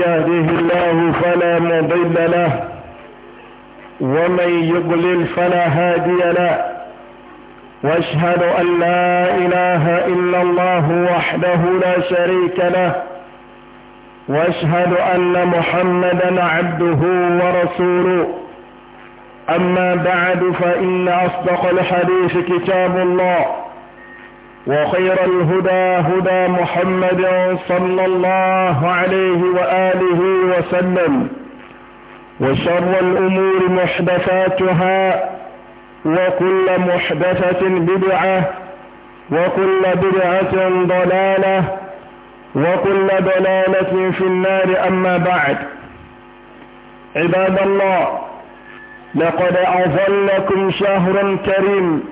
يهده الله فلا مضل له ومن يضلل فلا هادي له واشهد ان لا اله الا الله وحده لا شريك له واشهد ان محمدا عبده ورسوله اما بعد فان اصدق الحديث كتاب الله وخير الهدى هدى محمد صلى الله عليه وآله وسلم وشر الأمور محدثاتها وكل محدثة بدعة وكل بدعة ضلالة وكل ضلالة في النار أما بعد عباد الله لقد أظلكم شهر كريم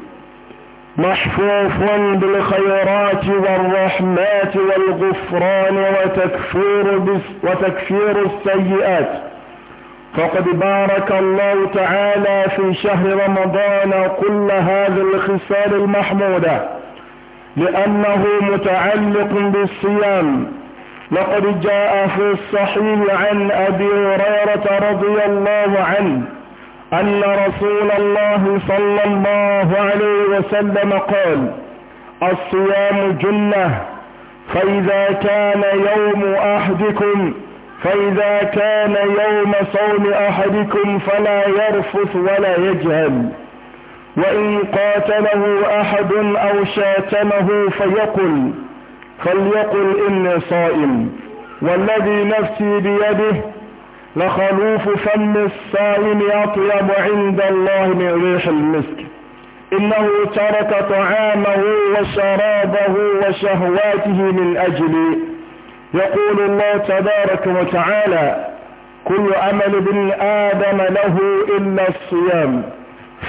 محفوف بالخيرات والرحمات والغفران وتكفير, وتكفير السيئات فقد بارك الله تعالى في شهر رمضان كل هذه الخصال المحمودة لأنه متعلق بالصيام لقد جاء في الصحيح عن أبي هريرة رضي الله عنه أن رسول الله صلى الله عليه وسلم قال الصيام جنة فإذا كان يوم أحدكم فإذا كان يوم صوم أحدكم فلا يرفث ولا يجهل وإن قاتله أحد أو شاتمه فيقل فليقل إني صائم والذي نفسي بيده لخلوف فم الصائم أطيب عند الله من ريح المسك إنه ترك طعامه وشرابه وشهواته من أجلي يقول الله تبارك وتعالى كل أمل ابن آدم له إلا الصيام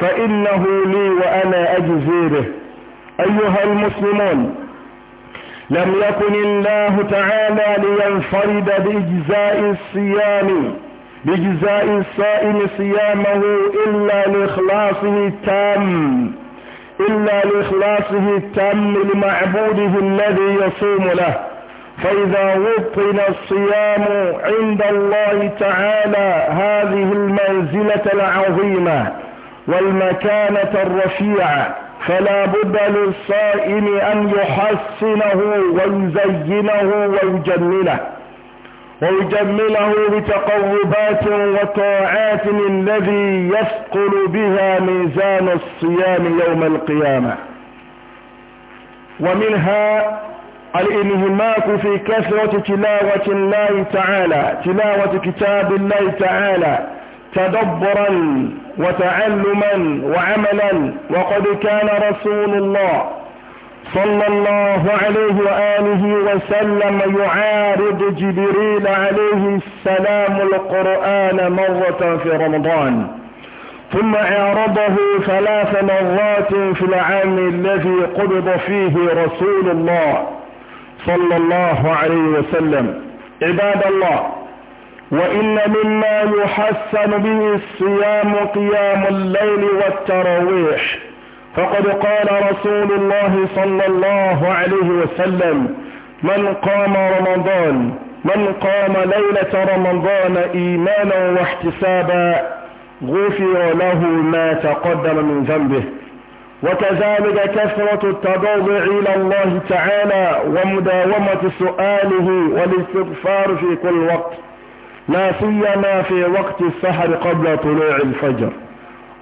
فإنه لي وأنا أجزي به أيها المسلمون لم يكن الله تعالى لينفرد بإجزاء الصيام بإجزاء الصائم صيامه إلا لإخلاصه التام إلا لإخلاصه التام لمعبوده الذي يصوم له فإذا وطن الصيام عند الله تعالى هذه المنزلة العظيمة والمكانة الرفيعة فلا بد للصائم أن يحسنه ويزينه ويجمله ويجمله بتقربات وطاعات الذي يثقل بها ميزان الصيام يوم القيامة ومنها الانهماك في كثرة تلاوة الله تعالى تلاوة كتاب الله تعالى تدبرا وتعلما وعملا وقد كان رسول الله صلى الله عليه وآله وسلم يعارض جبريل عليه السلام القرآن مرة في رمضان ثم عارضه ثلاث مرات في العام الذي قبض فيه رسول الله صلى الله عليه وسلم عباد الله وإن مما يحسن به الصيام قيام الليل والتراويح فقد قال رسول الله صلى الله عليه وسلم من قام رمضان من قام ليلة رمضان إيمانا واحتسابا غفر له ما تقدم من ذنبه وكذلك كثرة التضرع إلى الله تعالى ومداومة سؤاله والاستغفار في كل وقت لا سيما في وقت السحر قبل طلوع الفجر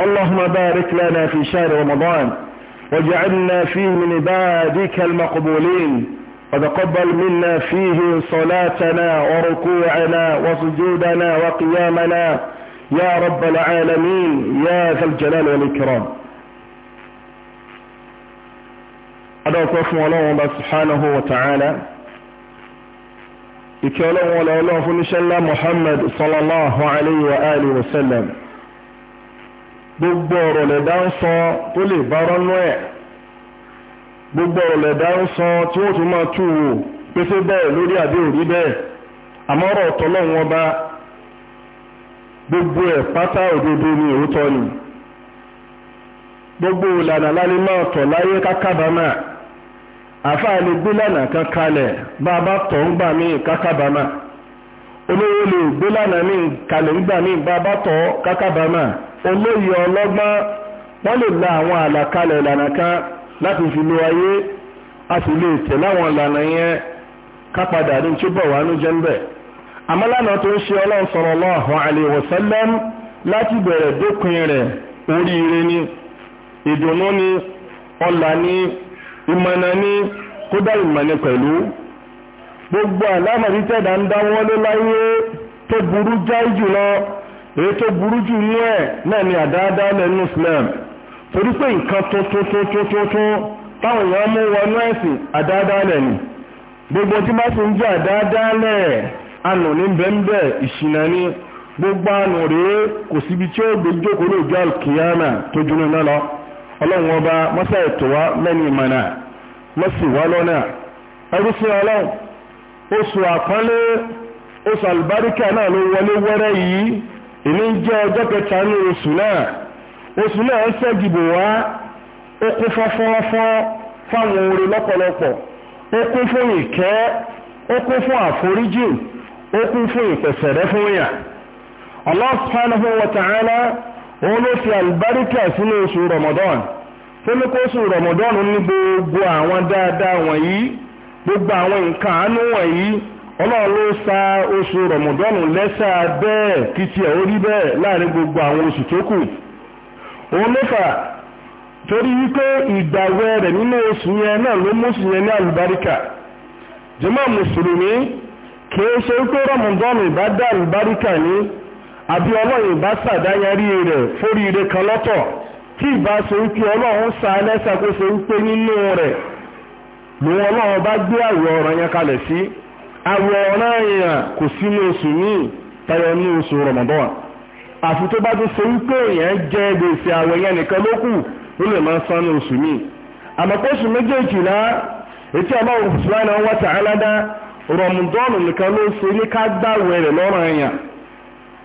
اللهم بارك لنا في شهر رمضان واجعلنا فيه من عبادك المقبولين وتقبل منا فيه صلاتنا وركوعنا وسجودنا وقيامنا يا رب العالمين يا ذا الجلال والإكرام أدعوكم الله سبحانه وتعالى ìkẹ́ ọlọ́run ọlọ́ ọlọ́run fún níṣẹ́ ńlá Muhammad sallallahu alayhi wa alihi wa sallam gbogbo ọ̀rọ̀ lẹ̀dá ń sọ tó lè ẹ̀ gbogbo ọ̀rọ̀ lẹ̀dá ń sọ tí wọ́n tún máa tú wò pèsè bẹ́ẹ̀ lórí àbí òrí bẹ́ẹ̀ àmọ́ gbogbo ẹ̀ pátá òdodo ni òótọ́ ni gbogbo ìlànà lálẹ́ máa tọ̀ láyé kákábàámà àfáà lè gbé lànà kan kalẹ̀ bá a bá tọ̀ ń gbà míì lè gbé míì kalẹ̀ ń gbà míì bá a bá tọ̀ olóyè ọlọ́gbọ́n wọ́n lè la àwọn àlàkalẹ̀ ìlànà kan láti fi lo ayé a sì lè tẹ̀ láwọn ìlànà yẹn ní tí ó bọ̀ ní ìmọ̀nà ni kódà ìmọ̀nà pẹ̀lú gbogbo àlámọ̀rí tẹ̀dá ń dáwọ́ lé láyé tó burú jáì jùlọ èyí tó burú jù ní ẹ̀ náà ni àdáadáa lẹ́nu Islam torí pé nǹkan tuntun táwọn èèyàn mú wọnú ẹ̀sìn àdáadáa lẹ́nu gbogbo gbogbo anù rèé kò síbi tí ó gbé jókòó ọlọ́run ọba mọ́sá ètò wa lẹ́nu ìmọ̀nà mọ́sì wá lọ́nà ẹgbẹ́sẹ̀ ọlọ́run oṣù àpọ́nlé oṣù àlùbáríkà náà ló wọlé wẹ́rẹ́ yìí èmi ń jẹ́ ọjọ́ kẹta ní oṣù náà oṣù náà ń ṣẹ́gìbò wá ó kún fọ́fọ́fọ́ fáwọn oore lọ́pọ̀lọpọ̀ ó kún fún ìkẹ́ ó kún fún àforíjì ó kún fún ìpẹ̀sẹ̀rẹ́ fún yà Allah subhanahu wa ta'ala òun ló fi àlùbáríkà sínú oṣù Ramadan tó ní kó oṣù Ramadan ní gbogbo àwọn dáadáa wọ̀nyí gbogbo àwọn nǹkan àánú wọ̀nyí ọlọ́run sa oṣù Ramadan lẹ́sà bẹ́ẹ̀ kí gbogbo àwọn oṣù tó kù òun ló torí wípé ìgbàwẹ̀ rẹ̀ nínú oṣù yẹn náà ló mú oṣù yẹn ní àlùbáríkà mùsùlùmí àbí ọlọ́run ìbá rẹ̀ ire kan lọ́tọ̀ tí ìbá ṣe wípé ọlọ́run sa ẹlẹ́sàkóso wípé nínú rẹ̀ lòun ọlọ́run bá gbé àwẹ̀ ọ̀ràn yẹn kalẹ̀ sí àwẹ̀ ọ̀ràn èèyàn kò sínú oṣù míì tayọ ní oṣù àfi tó bá ṣe wípé èèyàn gbèsè yẹn nìkan ó lè máa san ní oṣù míì méjèèjì náà ọlọ́run nìkan ló ṣe ní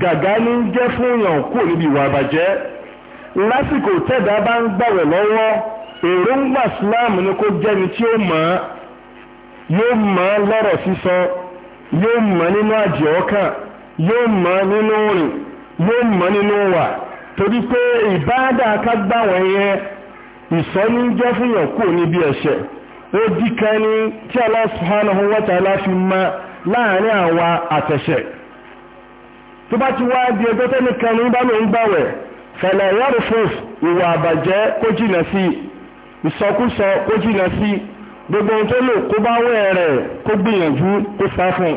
gàgá ní ń jẹ́ fún èèyàn kúrò níbi ìwà àbàjẹ́ lásìkò tẹ́dá bá ń gbàwẹ̀ lọ́wọ́ èròǹgbà síláàmù ni kó jẹ́ni tí ó mọ̀ yóò mọ̀ lọ́rọ̀ sísọ yóò mọ̀ nínú àjẹ́ ọkàn yóò mọ̀ nínú rìn yóò mọ̀ nínú wà torí pé ìbáàdà akágbàwọ̀ yẹn ìsọ́ni jẹ́ fún èèyàn kúrò níbi ẹ̀ṣẹ̀ ó dí ní tí tó bá ti wá di ẹgbẹ́ tẹ́nìkan ní bá ló ń gbàwẹ̀ fẹ̀lẹ̀ yẹ́rùfòf ìwà àbàjẹ́ kó jìnà sí ìsọkúsọ kó jìnà sí gbogbo ohun tó lò kó bá wẹ̀ rẹ̀ kó gbìyànjú kó sá fún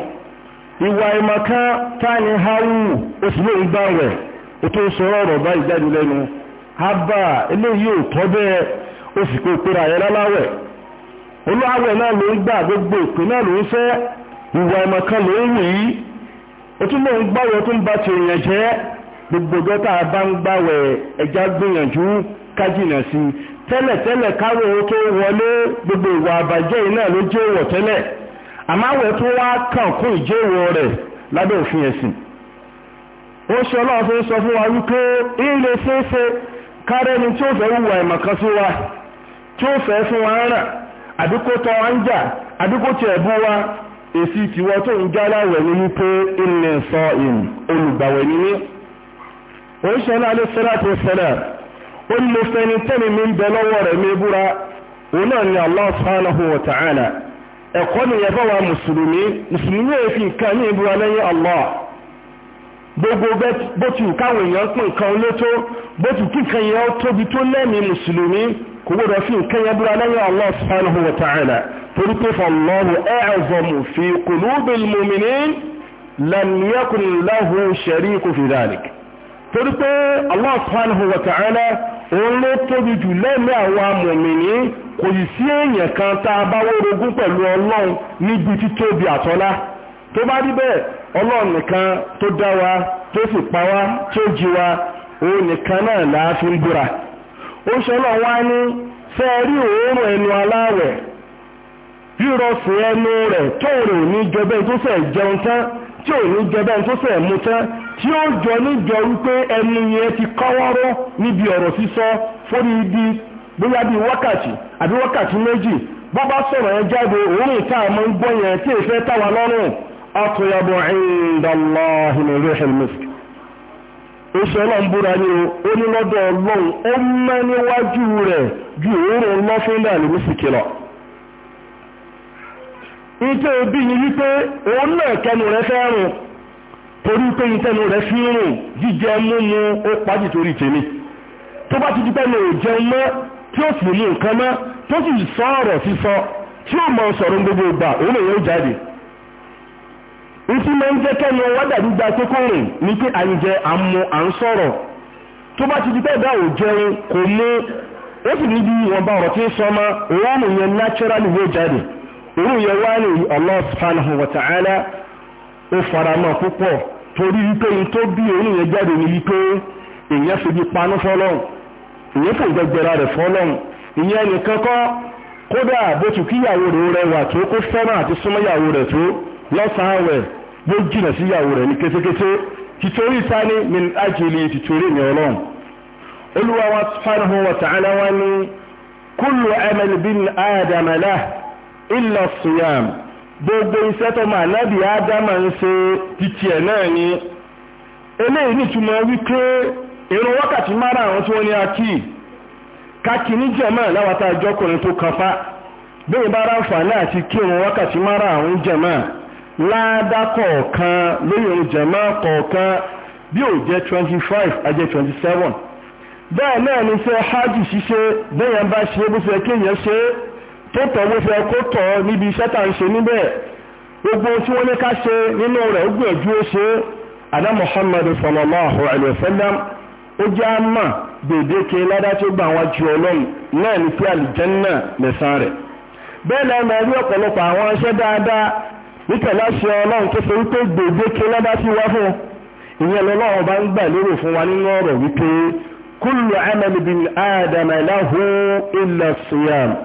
ìwà ìmọ̀kan táyì háwù oṣù ló ń gbàwẹ̀ ó tó sọ̀rọ̀ ọ̀rọ̀ báyìí jáde lẹ́nu hábà eléyìí ò tọ́ bẹ́ẹ̀ ó sì kó pera ẹ̀ láláwẹ̀ olúwàwẹ̀ náà ló ń gbà gbogbo ìpín ló ń fẹ́ ìwà ìmọ̀kan ló ń rìn yìí otu tún lóun gbáwẹ̀ tó ń bá gbogbo ọjọ́ bá ń gbáwẹ̀ ẹja gbìyànjú kájìnà sí tẹ́lẹ̀tẹ́lẹ̀ káwẹ̀ ó tó wọlé gbogbo ìwà àbàjẹ́ iná ló jẹ́ tẹ́lẹ̀ àmáwẹ̀ tó wá kàn kún rẹ̀ lábẹ́ òfin ẹ̀sìn ó ṣe sọ fún wa wípé ilé tí ó fẹ́ wùwà ìmọ̀kan sí wa tí ó fẹ́ fún èsì tiwọ́ tó ń jáláwẹ̀ ní wípé ilẹ̀ sọ ìn olùgbàwẹ̀ níní oníṣẹ́lá alẹ́ sọ́láàtì sẹ́lẹ̀ ó ní mo fẹ́ ní tẹ́mi mi ń bẹ lọ́wọ́ rẹ̀ mi búra òun náà ni Allah subhanahu wa ta'ala ẹ̀kọ́ nìyẹn bá wa mùsùlùmí mùsùlùmí yóò fi nǹkan ní ìbúra lẹ́yìn Allah gbogbo bó ti káwọn èèyàn pín nǹkan létó bó ti kí nǹkan yẹn tóbi tó lẹ́mìí mùsùlùmí kò gbọdọ̀ fi nǹkan yẹn búra lẹ́yìn Allah subhanahu wa ta'ala torí pé fàlọ́hù ẹ̀ẹ́zọ̀mù fi qulubil mu'minin lam yakun lahu sharikun fi dhalik torí pé Allah subhanahu wa ta'ala òun ló tóbi jù lẹ́mí àwọn mùmìnì kò yìí sí èèyàn kan tá a bá wórogún pẹ̀lú tó bá rí bẹ́ẹ̀ nìkan tó dá tó sì pa wa tó jí wa nìkan náà láàfin búra ó ṣe ní fẹ́ẹ́ rí òórùn ẹnu aláwẹ̀ rírọ̀sù ẹnu rẹ̀ tó rò ní jẹbẹ́ tó jẹun tán tí ò ní jẹbẹ́ tó tí ó jọ níjọ wípé ẹni yẹn ti kọ́wọ́rọ́ níbi ọ̀rọ̀ sísọ fórí ibi bóyá bíi wákàtí àbí wákàtí méjì bó sọ̀rọ̀ yẹn jáde òórùn tá a máa ń gbọ́ yẹn tí èfẹ́ táwa lọ́rùn ọkùnrin o ó ní lọ́dọ̀ ọlọ́run ó mẹ́ níwájú rẹ̀ ju òórùn lọ́fíńdà lè nke obi ni wipe òun náà kẹnu rẹ fẹ́ rùn torí pé ìtẹnu rẹ fi rùn jíjẹ múmu ó pàjì torí tèmi tó bá ti di pẹ́ẹ́nu ò mọ́ tí ó sì mú nǹkan mọ́ tó sì sọ ọ̀rọ̀ sísọ tí ó mọ sọ̀rọ̀ gbogbo ìgbà òun lè yóò jáde máa ń gba ní pé irú yẹn wá ní Allah subhanahu wa ta'ala ó faramọ́ púpọ̀ torí wípé in tó bí irú yẹn jáde ní wípé èèyàn fi bí panú fọlọ́hùn èèyàn fò gbẹgbẹra rẹ̀ fọlọ́hùn ìyẹn nìkan kọ́ kódà bó tù kíyàwó rẹ̀ rẹwà tó kó fẹ́ràn àti súnmọ́yàwó rẹ̀ tó lọ́sàn-án rẹ̀ olúwa wa subhanahu wa ta'ala wa ni kullu amal bin adama lahu illa siyam gbogbo iṣẹ́ tó máa nábì ádámà ń ṣe títí ẹ̀ náà ni eléyìí nítumọ̀ wípé èrò wákàtí márààrún tí wọ́n ní akí kákìní jẹ̀mọ́ láwátá ìjọkùnrin tó kanfá bẹ́ẹ̀ bá ráǹfààní àti kírun wákàtí márààrún jẹ̀mọ́ láàdá kọ̀ọ̀kan lórí òun jẹ̀mọ́ kọ̀ọ̀kan bí ò jẹ́ 25 ajẹ́ 27 bẹ́ẹ̀ náà ni ṣe hajj ṣíṣe bẹ́ẹ̀ bá ṣe bó ṣe kéèyàn ṣe é tó tọ̀ bó ṣe kó tọ̀ níbi iṣẹ́ tá à ń ṣe níbẹ̀ gbogbo tí wọ́n ní ká ṣe nínú rẹ̀ ó gbìyànjú ó ṣe adá sallam ó jẹ́ àmà gbèdéke ládá tó gbà wá ju ọlọ́run náà ní pé àlìjẹ́nà lẹ̀sán rẹ̀ bẹ́ẹ̀ náà máa rí ọ̀pọ̀lọpọ̀ àwọn iṣẹ́ dáadáa nítẹ̀láṣẹ ọlọ́run tó ṣe wípé gbèdéke ládá sí wá wa nínú adama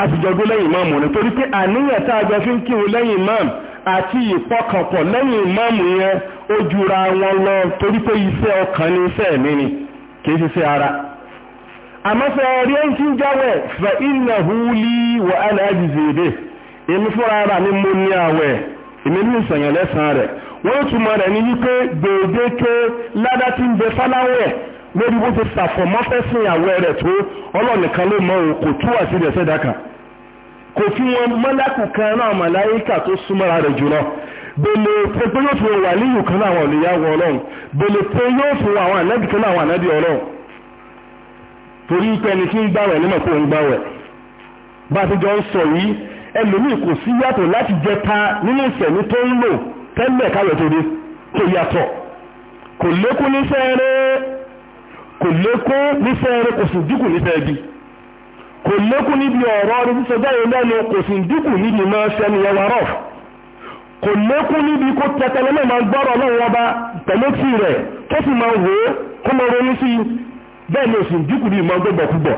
àtijọ́gbó lẹ́yìn ìmáàmù ni torí pé àníyàn tá a jọ fi ń kírun lẹ́yìn ìmáàmù àti ìpọkànpọ̀ lẹ́yìn ìmáàmù yẹn ó jura wọn lọ torí pé iṣẹ́ ọkàn ni iṣẹ́ mi ni kì í ṣiṣẹ́ ara àmọ́fẹ́ rí ẹ̀ńtí jáwẹ̀ fa iná húlí wọ aláàbì èmi fúnra ara mi mo ní àwẹ̀ èmi ní ìsànyàn lẹ́sàn rẹ̀ wọ́n túmọ̀ rẹ̀ ní wípé gbèdéke ládá ti ń bẹ fáláwẹ̀ lórí bó ṣe ṣàfọ̀mọ́fẹ́sìn àwẹ̀ rẹ̀ tó ọlọ́nìkan ló mọ òun kò túwà sí rẹ̀ sẹ́dá kan kò fi wọn mọ́lákù kan náà màláyíkà tó súnmọ́ra rẹ̀ jùlọ bẹ̀lẹ̀ pé pé yóò fi wà níyù kan náà àwọn olùyàwó ọlọ́run bẹ̀lẹ̀ pé yóò fi wà àwọn ànábì kan náà àwọn ànábì ọlọ́run torí pé ẹni tí ń gbàwẹ̀ nímọ̀ pé òun gbàwẹ̀ bá a ti jọ ń sọ yìí ẹlòmíì kò sí yàtọ̀ láti jẹ ta nínú ìsẹ̀mí tó ń lò tẹ́lẹ̀ káwẹ̀ tó dé kò yàtọ̀ kò lékún níṣẹ́ rẹ̀ kò lékún níṣẹ́ rẹ kò sì dínkù níṣẹ́ bí kò lékún níbi ọ̀rọ̀ lẹ́nu kò dínkù níbi máa ẹwà kò lékún níbi kó tẹtẹlẹ náà máa gbọ́rọ̀ ọba pẹ̀lú tí rẹ̀ tó sì máa wò ó kó máa ronú sí bẹ́ẹ̀ ni dínkù níbi máa gbọ́gbọ̀ púpọ̀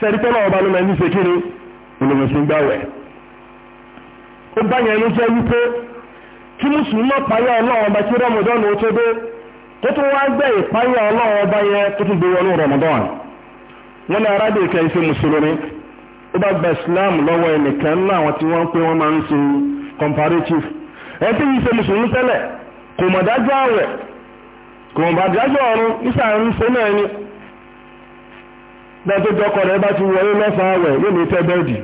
sẹ́ni tọ́lọ́ ọba ló máa ń ṣe kiri olùmọ̀sí gbà ó bá yẹn ló jẹ́ wípé kí mùsùlùmí má ọlọ́run ọba tí rọ́mọdọ́nù ó tó dé tó tún wá gbé ìpáyà ọlọ́run ọba yẹn tó tún gbé wọnú Ramadan wọn ní arábìnrin kan ṣe mùsùlùmí ó bá gba Islam lọ́wọ́ ẹnìkan náà àwọn tí wọ́n wọ́n máa ń comparative yìí mùsùlùmí tẹ́lẹ̀ kò mọ̀ kò mọ̀ ọ̀run nísà ni tó rẹ̀ bá ti wọlé àwẹ̀ yóò ní tẹ́ bẹ́ẹ̀dì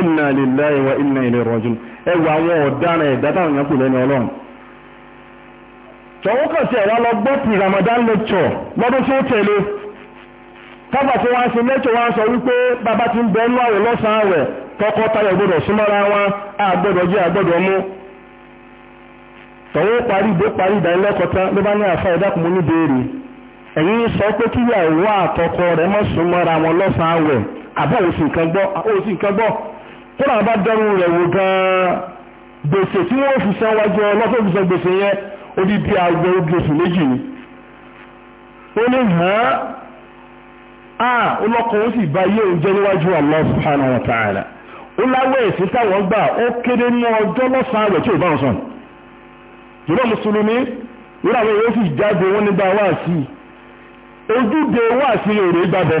inna lillahi wa inna ilayhi rajiun ẹ àwọn ọ̀daràn ẹ̀dá táwọn èèyàn kù lẹ́nu ọlọ́run. tọ́wọ́ kàn sí ẹ̀wá lọ gbọ́ ti Ramadan lecture lọ́dún tí tẹ̀lé káfà tí wọ́n sọ wípé bàbá ti ń bẹ ẹnu àwẹ̀ lọ́sàn-án rẹ̀ tọkọtaya gbọ́dọ̀ súnmọ́ra wọn jẹ́ mú. parí parí ló bá sọ pé àtọkọ rẹ̀ súnmọ́ra wọn lọ́sàn-án rẹ̀ nǹkan gbọ́ tó náà bá dẹrù rẹ̀ wò gan-an gbèsè tí wọ́n fi san wájú ọlọ́fẹ́ fi san gbèsè yẹn ó di bí aago gbèsè méjì ni ó ní hàn án ọlọ́kọ̀ ó sì bá yé òun jẹ́ níwájú Allah subhanahu wa ta'ala ó láwẹ̀ èsì táwọn gbà ó kéde ní ọjọ́ lọ́sàn-án rẹ̀ tí ò bá wọn sàn jùlọ mùsùlùmí wúrà wọn yóò sì jáde wọn nígbà wáàsí ojúde wáàsí rèé gbàbẹ́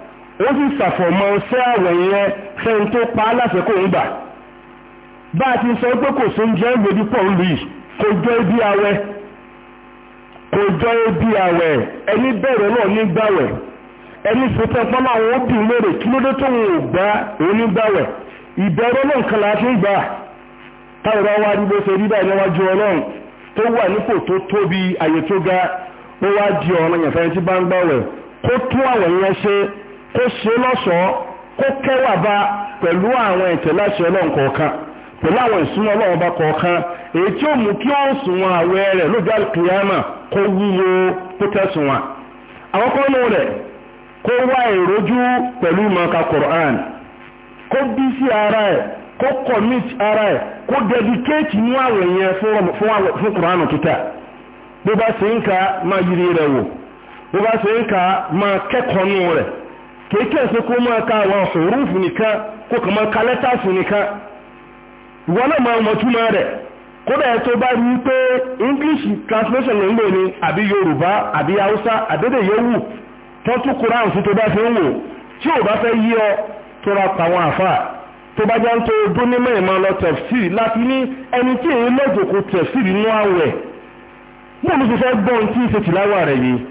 wọ́n sì sàfọ̀mọ́ ṣẹ́ àwẹ̀ yẹn fẹ́ni tó pa á ń gbà bá a ti sọ pé kò sóúnjẹ ìgbèdú pọ̀ ń yìí kò jọ ibi àwẹ̀ kò jọ àwẹ̀ ẹni bẹ̀rẹ̀ náà nígbàwẹ̀ ẹni sọtọ́ pọ́n àwọn obìnrin lóore kí tó ń gbà onígbàwẹ̀ ìbẹ̀rẹ̀ náà kan láti ń gbà táwọn ọwọ́ ṣe rí báyìí níwájú ọlọ́run tó wà nípò tó tóbi àyè tó kò ṣe lọ́ṣọ̀ọ́ kó kẹ́wà bá pẹ̀lú àwọn ẹ̀tẹ̀ ọlọ́run kọ̀ọ̀kan pẹ̀lú àwọn ìsúnmọ́ ọlọ́run bá kọ̀ọ̀kan èyí tí ó mú kí ó sùn wọn àwẹ̀ rẹ̀ lójú àlùkìyàmà kó wúwo kó tẹ̀sùn wọn. rẹ̀ kó wá ìrójú pẹ̀lú Qur'an kó bí sí ara fún Qur'an kíkà bó bá ṣe yiri rẹ̀ wò bó bá ṣe ń ka máa kéèkéè sí kó máa ka àwọn huruf nìkan kó kàn máa ka lẹ́tàsì nìkan ìwọ náà máa mọ̀ túmọ̀ rẹ̀ kódà ẹ tó bá rí pé english translation ló ń lò ní àbí yorùbá àbí haúsá àdédè yòówù tó tún koran sí tó bá fi ń wò tí ò bá fẹ́ yí ọ tó ra pa àwọn àfà tó bá jẹ́ ń tó dún ní lọ tẹ̀fsìrì láti ní ẹni tí èyí lọ́jọ́ kó tẹ̀fsìrì àwẹ̀ mọ̀ ló ti fẹ́ gbọ́n tí ì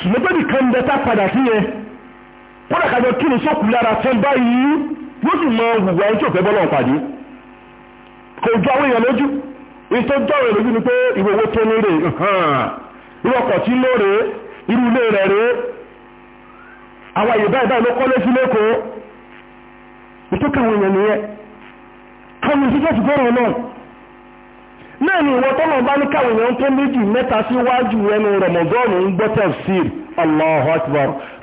ṣùgbọ́n pé nìkan ń bẹ tá padà sí yẹn kódà kájọ kí ni sọ́kù lára tán báyìí yóò sì mọ hùwà ẹni tí ò fẹ́ bọ́lọ̀ pàdé kò ju àwọn èèyàn lójú èyí tó jọ́ òun lójú ni pé ìwé owó tó ní rè irú ọkọ̀ tí ló rè irú ilé rẹ̀ rè àwọn àyè báyìí báyìí ló kọ́lé sí lẹ́kọ̀ọ́ ètò káwọn èèyàn nìyẹn káwọn ìṣiṣẹ́ ti gbọ́rọ̀ náà naanị ụwa ìwọ tọ́nà bá ní káwọn èèyàn tó méjì mẹ́ta ẹnu rọmọgọ́ọ̀nù ń gbọ́ tẹ̀síìr Allahu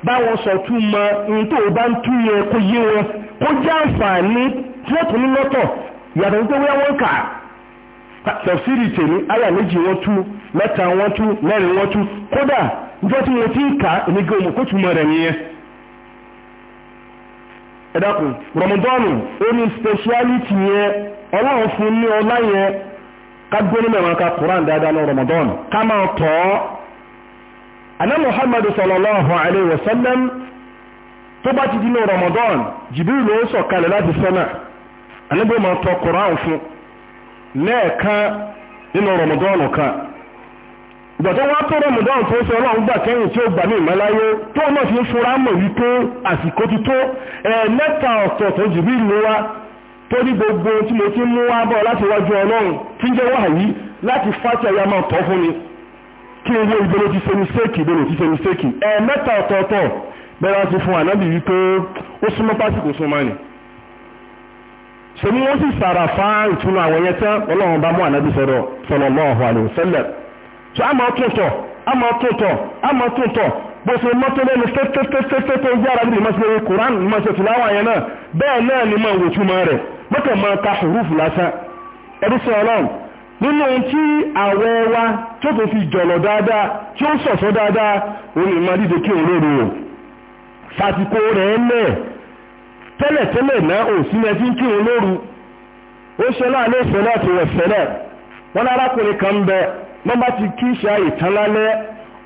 báwọn sọ tún mọ ohun tó bá ń tún yẹ kó yé wọn kó jẹ́ àǹfààní ní lọ́tọ̀ yàtọ̀ wọn kà á tèmi àyà méjì wọn tú mẹ́ta wọn mẹ́rin ká gbóni mẹ́wàá ka Quran dáadáa ní Ramadan ká máa tọ́ ana Muhammad sallallahu alayhi wa sallam tó bá ti di ní Ramadan Jibril ló sọ̀kalẹ̀ láti sọ́nà anabi máa tọ́ Quran fún lẹ́ẹ̀kan nínú Ramadan kan gbọ̀tọ́ wá tó rọmọdán tó sọ ọlọ́run gbà kẹ́yìn tí ó gbà ní ìmọ́láyé tó náà fi ń fura mọ̀ wípé àsìkò ti tó ẹ̀ẹ́mẹ́ta ọ̀tọ̀ọ̀tọ̀ jù bí ìlú wa tó ní gbogbo tí mo ti mú wá bọ̀ láti wájú ọlọ́run tí ń jẹ́ wáyí láti fáti ẹ̀yà máa tọ́ fún mi kí n wo ìbẹ̀rẹ̀ ti ṣe mistake ìbẹ̀rẹ̀ ti ṣe mistake ẹ̀ẹ̀mẹ́ta ọ̀tọ̀ọ̀tọ̀ bẹ́ẹ̀ láti fún ànábì wípé ó súnmọ́ pásìkò súnmọ́ ni sèmi wọ́n sì sàrà fá ìtúnu àwọn yẹn tán ọlọ́run bá mú ànábì sọ̀rọ̀ sallallahu alaihi wasallam tó a máa tóntọ̀ a máa tóntọ̀ a máa tóntọ̀ bó ṣe mọ́tò lẹ́nu tẹ́tẹ́tẹ́tẹ́tẹ́ yára níbi ìmọ̀sílẹ̀ orí koran ìmọ̀sílẹ̀ tìláwà yẹn náà bẹ́ẹ̀ náà ni máa wòtúmọ̀ rẹ̀ mọ́tò máa ka hùrùfù lásán ẹbí sọ ọlọ́run nínú ohun tí àwọ̀ wa tó tó fi jọ̀lọ̀ dáadáa tí ó sọ̀sọ́ dáadáa òun ìmọ̀ dídè kí òun lóru o fàtìkò rẹ̀ lẹ̀ tẹ́lẹ̀tẹ́lẹ̀ náà ò sí ẹ kí òun lóru ó ṣe láàánú ìfẹ́lẹ́ àti ìwẹ̀fẹ́lẹ́ wọn arákùnrin kan bẹ wọn ti kí ṣe àyè tán lálẹ́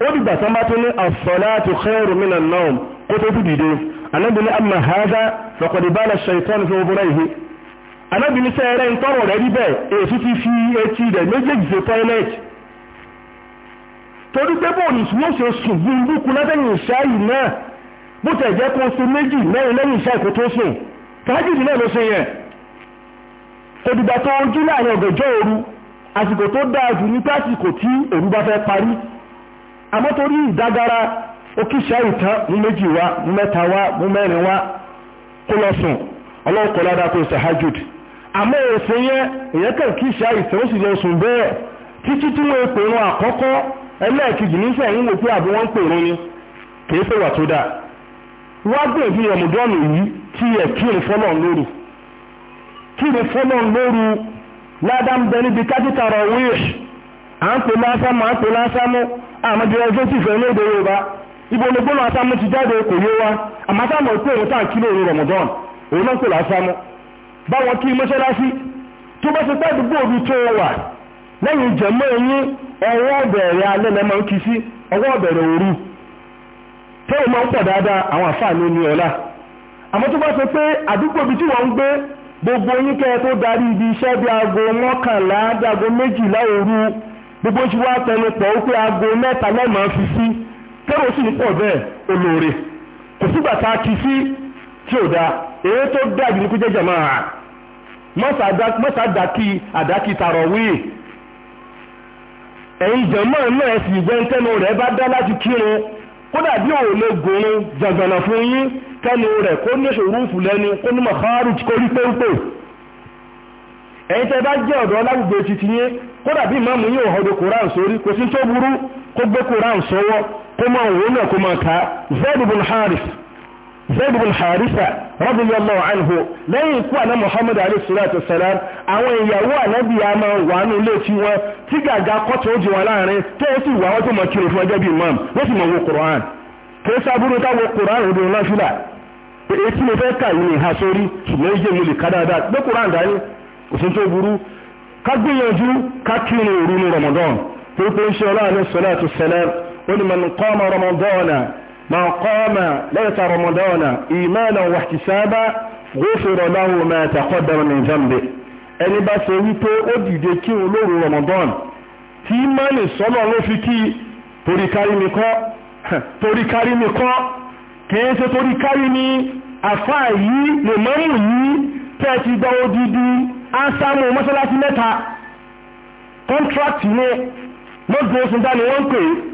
ó dìgbà tán bá tó ní as-salatu khairun minan nawm kó tó dìde ànábìnrin amma hadha faqad bala ash-shaytan fi anábìnisẹ́ ẹrẹ́ ń tọrọ rẹ̀ níbẹ̀ èsì ti fi etí rẹ̀ méjèèjì ṣe tọ́ílẹ̀tì torí pé bóòlù tí wọ́n ṣe sùn bí lúkú látẹ̀yìn ìṣá yìí náà bó tẹ̀ jẹ́ kó ṣe méjì mẹ́rin lẹ́yìn ìṣá ìkó tó sùn tàájìdì náà ló ṣe yẹn kò dìgbà tó ojú láàrin ọ̀gànjọ́ òru àsìkò tó dáa jù ní pásìkò tí òru bá fẹ́ parí àmọ́ torí ìdágara ó kí mú méjì wá mú mẹ́ta wá mú mẹ́rin wá kó lọ sùn ọlọ́kọ̀ọ́ládà kó ṣàhájùdì àmọ́ òsè yẹn èyàn kàn kí ìṣá ìsẹ̀wọ́n sì jọ sùn bẹ́ẹ̀ títí tí wọ́n pè wọn àkọ́kọ́ ẹlẹ́ẹ̀kejì níṣẹ́ ìwò pé àbí wọ́n pè wọn ni kì í sèwà tó dáa wá gbèbí ẹ̀mùdọ́nù yìí tí ẹ̀ kí ni fọ́nà lóru kí ni fọ́nà lóru ládàá ń bẹ níbi à ń pè wa àmọ́ pé òun kí bá wọn kí mọ́ṣáláṣí tó bá ti gbádùgbò omi tó wà lẹ́yìn jẹ̀mọ́ ẹ̀yìn ọwọ́ ọ̀bẹ̀rẹ̀ alẹ́ lẹ́ máa ń kí sí ọwọ́ ọ̀bẹ̀rẹ̀ òru tẹ́wọ̀n máa ń pọ̀ dáadáa àwọn àfáàní ní ọ̀la àmọ́ tó bá sọ pé àdúgbò ibi tí wọ́n ń gbé gbogbo yín kẹ́ ẹ tó darí ibi iṣẹ́ bí aago mọ́kànlá dáago méjìlá òru gbogbo ṣe wá tẹnu pọ̀ ó pé aago mẹ́ta lẹ́màá fi sí kò sígbà tá a kí sí tí ò dáa èyí tó dájú ní kú jama'a jàmáà mọ́sàdákì àdákì tàrọ̀wí ẹ̀yin jàmáà náà sì jẹ́ tẹ́nu rẹ̀ bá dá láti kírun kódà bí ò gòrò jàgbọ̀nà fún yín tẹ́nu rẹ̀ kó ní ṣòrúfù lẹ́nu kó ní mọ̀kárù kó rí pépè ẹ̀yin tẹ́ bá jẹ́ ọ̀dọ́ lágbègbè yín ìmáàmù yín zaid bin harisa radiyallahu anhu lẹ́yìn ikú àná muhammad alayhi salam àwọn ìyàwó ànábì a máa wà nínú ilé tí wọn tí gàgà kọ́tù ó di wọn láàrin tó ó sì wà tó mọ̀ kiri fún ọjọ́ bíi imam wọ́n sì mọ̀ wo quran kò sábúrú táwọn quran ò dùn lọ́fílà èyí tí mo fẹ́ kà yìí ní ìhà sórí ṣùgbọ́n ó yé mi من قام ليس رمضان إيمانا واحتسابا غفر له ما تقدم من ذنبه ẹni bá ṣe wípé ó dìde kí òun lóru Ramadan tí mọ́nì sọ́nà ló fi kí torí kárí mi kọ́ torí kárí mi kọ́ kìí ṣe torí kárí mi àfá yìí lè mọ́rùn yìí tẹ́ ti gba odidi ásámù mọ́ṣáláṣí mẹ́ta kọ́ńtrákì ni lọ́gbọ̀n oṣù dání wọ́n pè é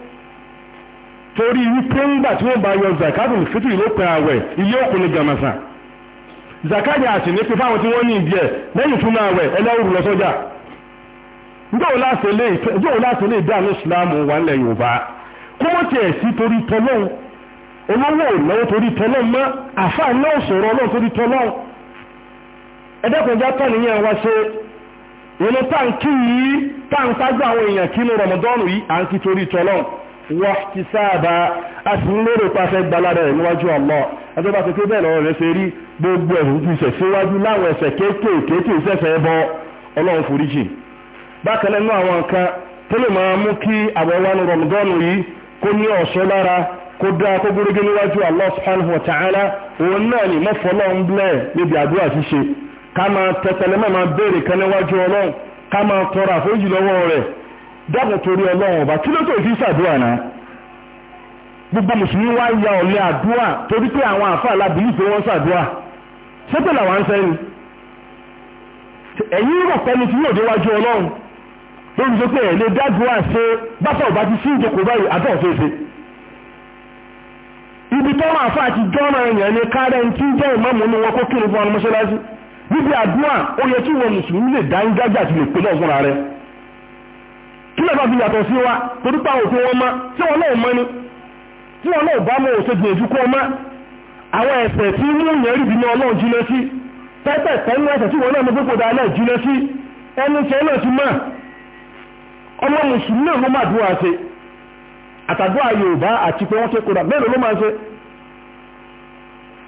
torí wípé ńgbà tí wọ́n bá yọ zakat olùfitiri ló pẹ́ àwẹ̀ ilé òkú ni gàmàsà zakat yà sì ní pé fáwọn tí wọ́n ní ìdí ẹ̀ lẹ́yìn tún náà wẹ̀ ẹlẹ́wùrú lọ sọ́jà ǹjẹ́ òun láti lè dá ní ìsìlámù wà nílẹ̀ yorùbá kó wọ́n tiẹ̀ sí torí tọ́lọ́hún olówó ìnáwó torí tọ́lọ́hún mọ́ àfáà náà sọ̀rọ̀ ọlọ́run torí tọ́lọ́hún ẹ̀dẹ́kùnjá tán nìyẹn wá ṣe ìrìn táǹkì yìí táǹkájú àwọn èèyàn kí ní rọmọdọ́ọ̀nù yìí à ń kí torí tọ́lọ́hún wọ́n sáàbà a sì ń lérò pàṣẹ gbalára rẹ̀ níwájú Allah ẹjọ́ bá ti pé bẹ́ẹ̀ lọ́rọ̀ rẹ̀ ṣe rí gbogbo ẹ̀rù ju ìṣẹ̀ síwájú láwọn ẹ̀ṣẹ̀ kéékèèké tí ìṣẹ̀ṣẹ̀ bọ ọlọ́run foríjì bákan nínú àwọn nǹkan tó lè máa mú kí àwọ̀wánu rọ̀mùdọ́nù yìí kó ní ọ̀ṣọ́ lára kó dá kó gúrégé níwájú Allah subhanahu wa ta'ala òun náà ní mọ́fọ́lọ́ ń blẹ̀ níbi àdúrà ṣíṣe ká máa tẹ̀tẹ̀lẹ́mọ̀ máa béèrè kan níwájú ọlọ́run dábọ̀ torí ọlọ́run ọba kí ló tó fi ṣàdúrà náà gbogbo mùsùlùmí wá ya ọ̀lẹ àdúrà torí pé àwọn àfáà lábìlì pé wọ́n ṣàdúrà sẹ́pẹ̀ làwọn ń sẹ́yìn ẹ̀yìn rọ̀ pẹ́ni tí yóò déwájú ọlọ́run lórí tó pé ẹ̀lẹ́ ibi tó máa fà ti tí jẹ́ ìmọ̀mù wọn kó kí fún ọmọ mọ́ṣáláṣí àdúrà ó yẹ kí wọn mùsùlùmí kí lọ́ba fi yàtọ̀ sí wa torí pa òfin wọn mọ́ tí wọn náà mọ́ ni tí wọn náà bá mọ̀ òṣèjì èjú kọ́ mọ́ àwọn ẹ̀ṣẹ̀ tí mú yẹn rí bínú ọlọ́run jìnnà sí pẹ́pẹ́ pẹ́lú ẹ̀ṣẹ̀ tí wọn náà mọ̀ gbogbo dáa náà jìnnà sí ẹni tí ẹ náà ti mọ̀ ọmọ mùsùlùmí náà ló máa dùn àṣẹ àtàdúrà yorùbá àti pé wọ́n ṣe kódà mélòó ló máa ṣe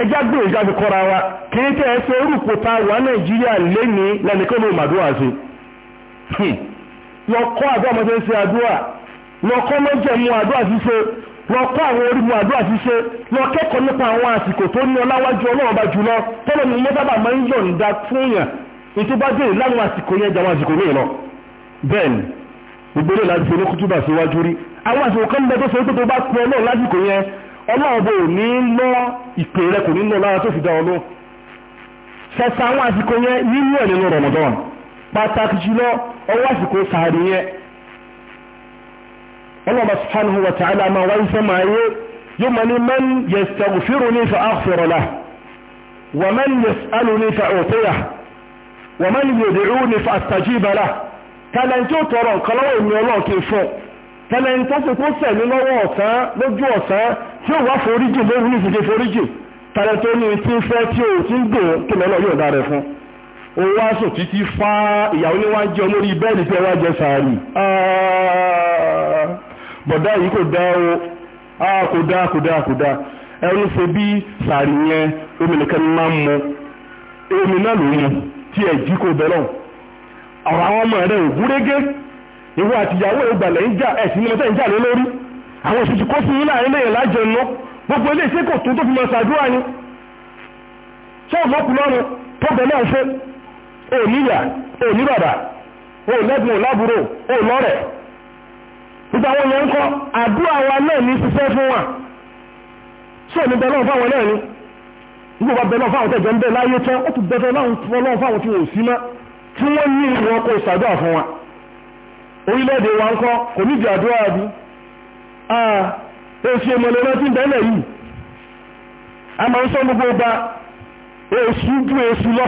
ẹjá gbé ìjáde kọ́ra wa kìí tẹ́ ẹ ṣe orúkọ ta wà nàìjíríà lẹ́ni lẹ́nìkan ló máa dùn àṣẹ lọkọ kọ́ àdúrà mọ́tẹ́ ṣe àdúrà lọ kọ́ mọ́jẹ̀ mu lọkọ àwọn orí mu àdúrà lọ nípa àwọn àsìkò tó ní ọláwájú ọlọ́run bá jùlọ tọ́lọ́ ni mọ́sábà máa ń fún yàn ètò bá dé láwọn àsìkò yẹn àsìkò lọ. bẹ́ẹ̀ni gbogbo láti síwájú rí àwọn àsìkò kan bẹ tó tó bá pọ yẹn ní lọ ìpè rẹ pàtàkì jùlọ ọwọ́ àsìkò sàárì yẹn ọlọ́mọ subhanahu wa ta'ala máa wáyé sẹ́mà ayé yóò máa ní man yastaghfiruni fa aghfira lahu wa man yas'aluni fa u'tihi wa man yad'uni fa astajiba lahu tẹlẹntí ò tọrọ nǹkan lọ́wọ́ ìmú ọlọ́ọ̀kì fún tẹlẹntí ó sì kó ní tí ń fẹ́ ó wá sùn títí fá ìyàwó ní wọ́n jẹ́ olórí bẹ́ẹ̀dì tẹ́ wọ́n jẹ́ sàárì ah, bọ̀dá yìí kò dá o ah, kò dá kò dá kò dá ṣe bí sàárì yẹn omi nìkan máa ń omi náà ló mu tí ẹ̀ jí kò bẹ̀rọ̀ ọ̀rọ̀ àwọn ọmọ rẹ̀ ò ìwọ àtìyàwó ìgbàlẹ̀ ń jà ẹ̀sìn ní mọ́tẹ́ ń jà gbogbo ilé iṣẹ́ tó tó fi mọ̀ ṣàdúrà ni ṣé ọ̀run ò níyà ò ní bàbá ò lẹ́gbọ̀n lábúrò ò lọ́rẹ̀ gbogbo àwọn yẹn ń kọ́ àdúrà wa náà ní ṣiṣẹ́ fún wa ṣé èmi bẹ lọ́wọ́ fáwọn náà ni nígbà bá bẹ lọ́wọ́ fáwọn tẹ̀jọ́ ń bẹ láyé tán ó ti bẹ lọ́wọ́ fáwọn tí wọ́n sí mọ́ tí wọ́n ní ìwọ̀n kò ṣàdúrà fún wa orílẹ̀-èdè wa ń kọ́ kò ní ìdí àdúrà bí àà èsì ìmọ̀lẹ̀ rántí bẹ́ẹ̀lẹ̀ yìí a máa ń sọ gbogbo ọba èsù ju èsù lọ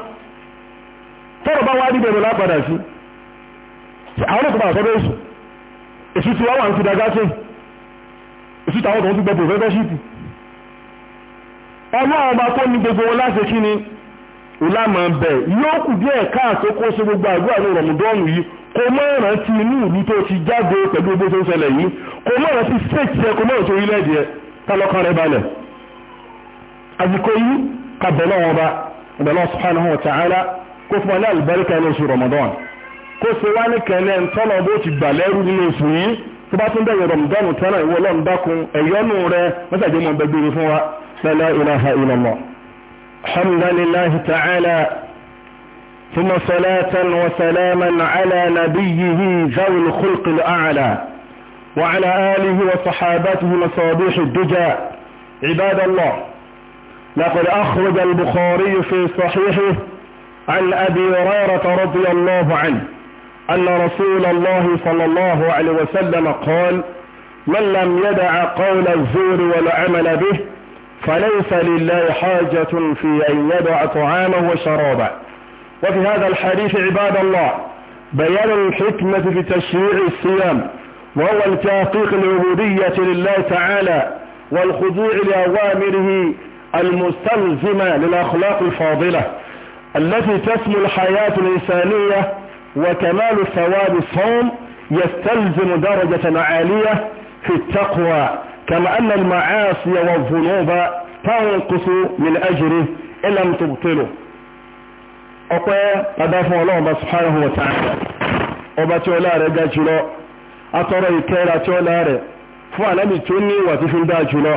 tọ́rọ bá wá ní bẹ̀rẹ̀ lápadà sí àwọn òkú máa sọ́dọ̀ èṣù èṣù tí wọ́n wà ń fi dagá sí èṣù táwọn tó ń fi gbẹ pòfẹ́sọ́ṣìpì ọmọ ọba tó ní gbogbo wọn láti kí ni ìlànà bẹ̀ yóò kù díẹ̀ káàtó kó ṣe gbogbo àdúrà ní rọ̀mùdọ́ọ̀nù yìí kò mọ́ ìrántí inú ìlú tó ti jáde pẹ̀lú gbogbo tó ń ṣẹlẹ̀ yìí kò mọ́ ìrántí state yẹ kò mọ́ ìrántí orílẹ̀-èdè yẹ tálọ́kàn rẹ balẹ̀ àsìkò yìí kàbẹ̀lọ́ wọn bá ìbẹ̀lọ́ subhanahu wa ta'ala kó fún ọlẹ́ àlùbáríkà ní oṣù Ramadan kó ṣe wá ní kẹlẹ́ ntọ́nà bó ti gbà lẹ́rú nínú oṣù yìí tó bá tún bẹ̀rẹ̀ Ramadan tẹ́nà ìwọ ọlọ́run dákun ẹ̀yọ́nù rẹ mẹ́sàgbé mọ́ bẹ gbére fún wa la ilaha illallah alhamdulillahi ta'ala ثم صلاة وسلاما على نبيه ذوي الخلق الأعلى وعلى آله وصحابته مصابيح الدجى عباد الله لقد أخرج البخاري في صحيحه عن أبي هريرة رضي الله عنه أن رسول الله صلى الله عليه وسلم قال من لم يدع قول الزور والعمل به فليس لله حاجة في أن يدع طعامه وشرابه وفي هذا الحديث عباد الله بيان الحكمة في تشريع الصيام وهو التحقيق العبودية لله تعالى والخضوع لأوامره المستلزمة للأخلاق الفاضلة التي تسمو الحياة الإنسانية وكمال ثواب الصوم يستلزم درجة عالية في التقوى كما أن المعاصي والذنوب تنقص من أجره إن لم تبطله أقوى قدافة الله سبحانه وتعالى أبتو لاري جاجلو أتري كيرا تو لاري فنبي توني وتفل داجلو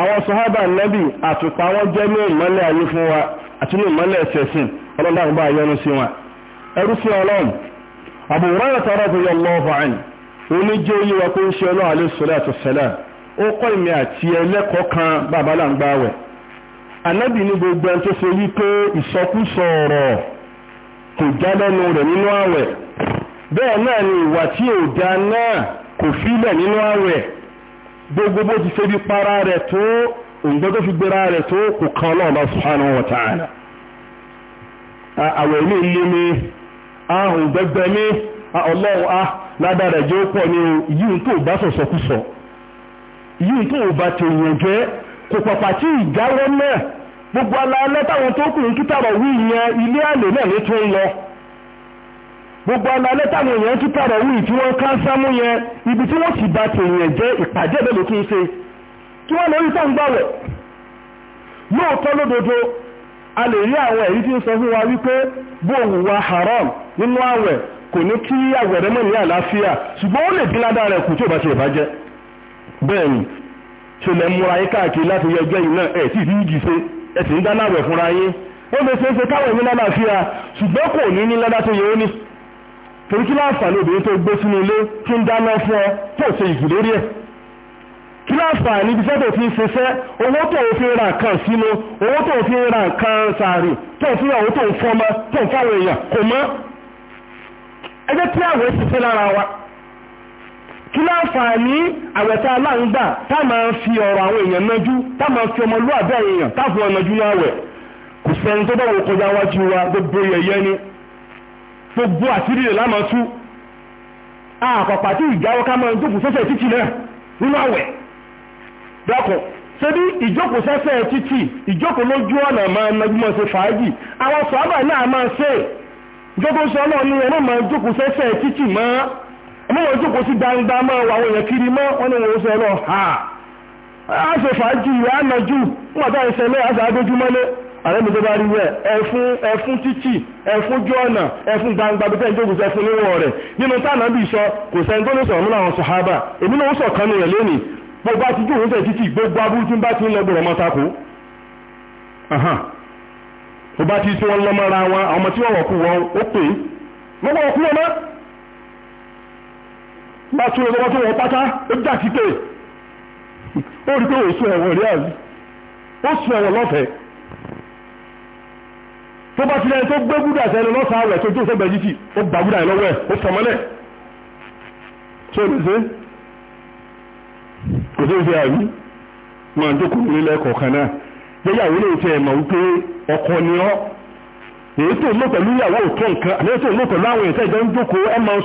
أو صحاب النبي أتطاوى جميع من لا يفوى àti ní ìmọ́lẹ̀ ẹ̀sẹ̀sìn ọlọ́láhùn bá yọ́nú sí wọn ẹrú sí ọlọ́run Abu Hurairah radiyallahu anhu oníjẹ́ oyé wa kó ń ṣe ọlọ́run alayhi salatu wassalam ó kọ́ ìmì àti ẹlẹ́kọ̀ọ́ kan bàbálà ń gbáwẹ̀ anábì ní gbogbo ẹni tó ṣe wí pé ìsọkúsọ ọ̀rọ̀ kò já lẹ́nu rẹ̀ nínú àwẹ̀ bẹ́ẹ̀ náà ni ìwà tí ò dá náà kò fílẹ̀ nínú àwẹ̀ gbogbo bó ti ṣe bí para rẹ̀ tó nǹkan tó fi gbéra rẹ̀ tó kò kan ọlọ́ọ̀bá subhanahu wa ta'ala àwẹ̀ ilé ilé ni ahùn gbẹgbẹ ní ọlọ́run jẹ́ ó pọ̀ ní yíò tó bá sọ̀sọ̀kúsọ yíò tó bá kò pàpà tí ìjáwọ́ gbogbo táwọn tó kù ń kítàrọ̀ wí ìyẹn ilé àlè lọ gbogbo alaalẹ́ táwọn èèyàn kítàrọ̀ wí tí wọ́n ká sámú ibi tí wọ́n sì bá jẹ́ ìpàdé tí wọ́n lórí tán gbàwẹ̀ lóòótọ́ lódodo a lè rí àwọn èyí tí ń sọ fún wa wípé bóòwù wa haram nínú àwẹ̀ kò ní kí àwẹ̀rẹ́ mọ̀ ní àlàáfíà ṣùgbọ́n ó lè dín ládàá rẹ̀ tí ò bá ṣe bá bẹ́ẹ̀ ṣe lẹ́ múra káàkiri láti yẹ ẹgbẹ́ yìí náà ẹ̀ sì ṣe ń dáná àwẹ̀ fúnra yín ó lè ṣe é ṣe káwẹ̀ ní ṣùgbọ́n kò ní ní ọ tó ṣe kí láǹfààní ibi sẹ́tò fi ń ṣiṣẹ́ owó tó ń fi ra nǹkan sínú owó tó ń fi ra nǹkan sàárì tó ń fi ra owó tó ń fọmọ tó ń fáwọn èèyàn kò mọ́ ẹgbẹ́ tí àwọn ṣiṣẹ́ lára wa kí láǹfààní àwẹ̀tá aláǹgbà tá máa ń fi ọ̀rọ̀ àwọn èèyàn nájú tá máa ń fi ọmọlúwàbí èèyàn táfi ọ̀nà jú ní àwẹ̀ kò sẹ́ni tó bọ̀wọ̀ kọjá wájú wa gbogbo yẹ̀yẹ́ ni gbogbo àtìrí rẹ̀ lámàtú àpapàtì ìjáwọ́ ká máa ń jókòó sọ́sẹ̀ títì náà nínú àwẹ̀ dọ́kùn ṣe bí ìjókòó sẹ́sẹ̀ títì ìjókòó lójú ọ̀nà máa ń nagbúmọ̀ ṣe fàájì àwọn sọ́ọ́bà náà máa ṣe jókòó sọ náà ní ẹ̀rọ máa jókòó sẹ́sẹ̀ títì mọ́ ọmọ wọn jókòó sí gbangba mọ́ wà wọ́n yẹn kiri mọ́ wọn ni wọ́n sọ náà ha a ṣe fàájì ìwà ànájú wọn àtàwọn ìṣẹ̀lẹ̀ àṣà àdójúmọ́lé àrẹ́bí tó bá rí rẹ̀ ẹ̀fún ẹ̀fún títì ẹ̀fún jọ́ọ̀nà ẹ̀fún gbangba bí tẹ́jọ́ ògùn ẹ̀fún níwọ̀ rẹ̀ nínú tánàbí sọ kò sẹ́ńtọ́ ló sọ̀rọ̀ mú láwọn sọ̀hábà èmi náà ó sọ̀kanú rẹ̀ lónìí gbogbo àtijú òun tẹ̀ títì gbogbo aburú tí ń bá ti ń lọ gbọ̀rọ̀ mọ́ tako tó bá ti tí wọ́n lọ́mọ ra wọn àwọn ọmọ tí wọ́n wọ̀kú wọn ó pè é wọ́n wọ̀ kú wọn mọ́ bá tún lọ́wọ́ tó wọ́n pátá ó jà sí pé ó rí pé ó sún ẹ̀wọ̀n rí àrí ó sún ẹ̀wọ̀n lọ́fẹ̀ẹ́ tó bá tilẹ̀ tó gbé búdà sẹ́nu lọ́sàá rẹ̀ tó tó sẹ́gbẹ̀ẹ́ yìí ó gbà búdà yìí lọ́wọ́ ẹ̀ ó fọmọ́lẹ̀ tó lè ṣe é. e tó ma àrí máa jókòó nílé lẹ́kọ̀ọ̀kan náà yẹ́yàwó lè tẹ́ ẹ̀mọ̀ wípé ọkọ ni ọ́ èyí tó ló pẹ̀lú ìyàwó òtún nǹkan àti èyí tó ló pẹ̀lú àwọn ìtẹ́jọ́ ń jókòó ẹ máa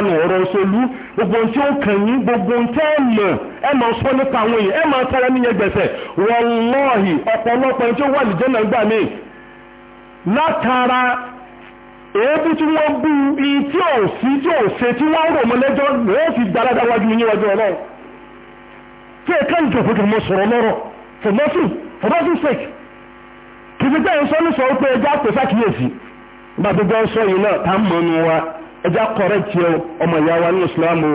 ń ọ̀rọ̀ gbogbo ohun tí ó kàn yín gbogbo ohun ẹ mọ̀ máa sọ ẹ máa níyẹn gbẹ̀sẹ̀ wọ́lọ́ọ̀hì tí ẹ̀ka nǹkan fún kí mo sọ̀rọ̀ lọ́rọ̀ for nothing for nothing sake kì í fi bẹ́ẹ̀ sọ ní sọ pé ẹjẹ́ àpè sákìyèsí nígbà tó gbọ́ sọ yìí náà tá a mọ̀ nù wa ẹjẹ́ akọ̀rẹ́ tiẹ̀ ọmọ ìyá wa ní ìsìlámù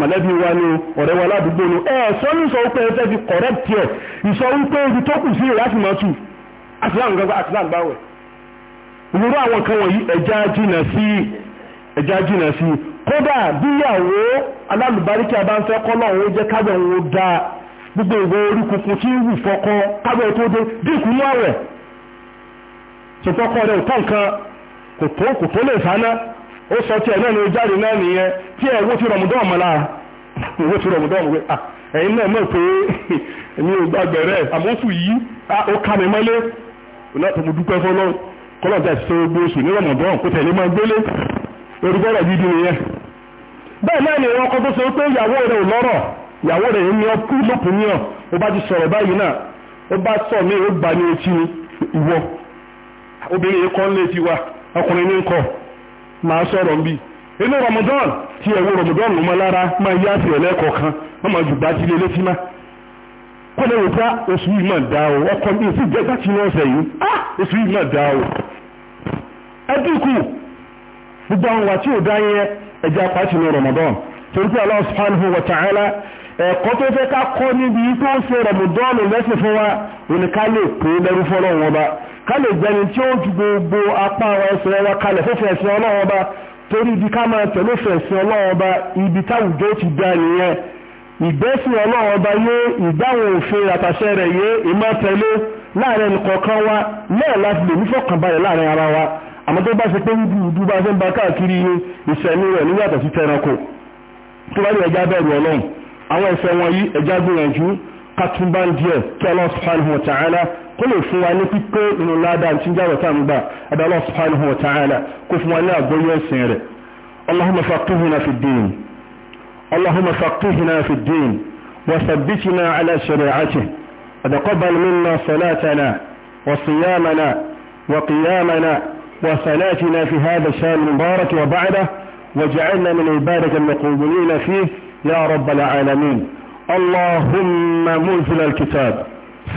mọ̀lẹ́bí wa ní ọ̀rẹ́ wa ládùúgbò ní ẹ̀ sọ ní sọ pé ẹjẹ́ fi kọ̀rẹ́ tiẹ̀ ìsọ wípé ibi tó kù sí ìyá sì máa tù àtìláàmù gbàgbà àtìláàmù báwẹ̀ ìwúrọ̀ àwọn kan wọ̀nyí ẹjẹ́ jìnà sí ẹjẹ́ jìnà sí kódà bíyàwó alálùbáríkì abáńfẹ́ kọ́lọ̀ òun jẹ́ kábẹ̀ òun da gbogbo ìwọ orí kunkun tí ń wù fọkọ kábẹ̀ tó dé dínkù mú àwẹ̀ ṣètọ́kọ rẹ̀ ò tán nǹkan kò tó lè sáná ó sọ tí ẹ̀ náà ni jáde náà nìyẹn tí ẹ̀ wó ti rọ̀mùdán ọ̀mọ́lá ti rọ̀mùdán ọ̀mọ́lá ẹ̀yin náà mọ̀ pé èmi ò gbàgbẹ́ rẹ̀ yìí ó ká mi mọ́lé orúkọ̀rọ̀ gidi nìyẹn bẹ́ẹ̀ náà ni ìwọ ọkọ tó sọ pé ìyàwó rẹ ò lọ́rọ̀ ìyàwó rẹ ní ọkú lókun ní ọ ó bá ti sọ̀rọ̀ báyìí náà ó bá mí ó gbà Ramadan tí ẹ̀wọ̀ Ramadan ló lára máa yá sí kan wọ́n máa má ah, oṣù yìí máa dá o ọkọ̀ mi ò sì jẹ́ gbàtí ní ah, o gbogbo àwọn wà tí ò dá yẹn ẹja pàtì ní Ramadan torí pé Allah subhanahu wa ta'ala ẹ̀kọ́ tó fẹ́ ká kọ́ níbi tó ń ṣe Ramadan lẹ́sìn fún wa òní ká lè pè é lẹ́rú fọ́lọ́run ọba ká lè gbẹni tí ó ju gbogbo apá àwọn ẹsẹ̀ wa kalẹ̀ fẹ́fẹ́ ẹ̀sìn Ọlọ́run ọba torí ibi ká máa tẹ̀lé fẹ̀sìn Ọlọ́run ọba ibi táwùjọ ti dá nìyẹn ìgbẹ́sìn Ọlọ́run ọba yé ìdáhùn òfin àtàṣẹ rẹ̀ yé ìmọ̀tẹ́lé láàrin ẹnìkọ̀ọ̀kan wa náà lè nífọ̀kànbalẹ̀ láàrin ara wa àmọ́ tó bá ṣe pé wúdú wúdú bá ṣe ń ba káàkiri ìṣẹ̀lú rẹ̀ níyàtọ̀ sí tẹranko tó bá ní ẹja bẹ̀rù ọlọ́run àwọn ẹ̀ṣẹ̀ wọ̀nyí ẹja gbìyànjú kàtúbá díẹ̀ kí Allah subhanahu wa ta'ala kó lè fún wa ní pípé nínú ládàá tí ń jáwọ̀ tá à ń gbà ẹ̀dá Allah subhanahu wa ta'ala kó fún wa ní àgbóyé ẹ̀sìn rẹ̀ Allahumma faqihna fi ddin Allahumma faqihna fi ddin wa thabbitna ala shari'atihi wa taqabbal minna salatana wa siyamana wa qiyamana وصلاتنا في هذا الشهر المبارك وبعده واجعلنا من عبادك المقبولين فيه يا رب العالمين اللهم منزل الكتاب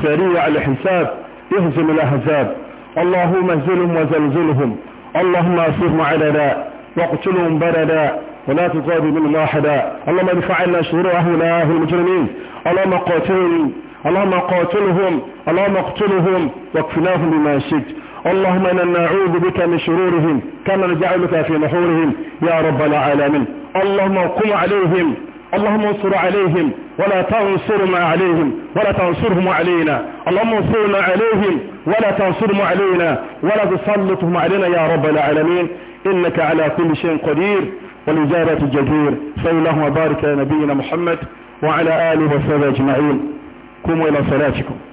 سريع الحساب اهزم الأحزاب اللهم اهزلهم وزلزلهم اللهم اصرهم عددا واقتلهم بردا ولا تقاضي منهم احدا اللهم ادفع عنا شرور اهل المجرمين اللهم قاتلهم اللهم قاتلهم اللهم اقتلهم واكفناهم بما شئت اللهم إنا نعوذ بك من شرورهم كما نجعلك في نحورهم يا رب العالمين اللهم قم عليهم اللهم انصر عليهم ولا تنصرنا عليهم ولا تنصرهم علينا اللهم انصرنا عليهم ولا تنصرهم علينا ولا تسلطهم علينا يا رب العالمين إنك على كل شيء قدير والإجابة الجدير صلى الله وبارك على نبينا محمد وعلى آله وصحبه أجمعين قوموا إلى صلاتكم